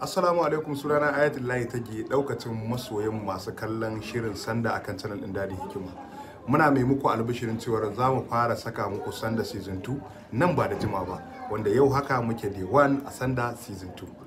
Assalamu alaikum sunana Ayatullahi take daukacin masoyan masu kallon shirin sanda akan channel din dadi Hikima. Muna mai muku albishirin cewa za mu fara saka muku sanda season 2 nan ba da jima ba wanda yau haka muke day 1 a sanda season 2.